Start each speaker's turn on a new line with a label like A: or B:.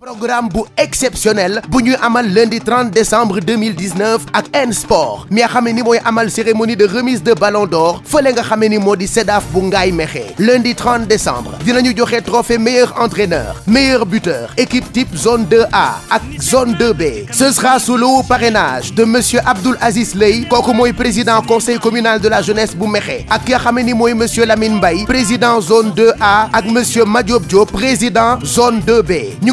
A: programme exceptionnel bu ñuy amal lundi 30 décembre 2019 à N Sport mi xamé amal cérémonie de remise de ballon d'or fële nga xamé ni modi Sedaf lundi 30 décembre dinañu joxé trophée meilleur entraîneur meilleur buteur équipe type zone 2A ak zone 2B ce sera sous le parrainage de monsieur Abdul Aziz Ley Koko moy président conseil communal de la jeunesse bu mexé ak monsieur Lamine Mbaye président zone 2A ak monsieur Madiop président zone 2B ñu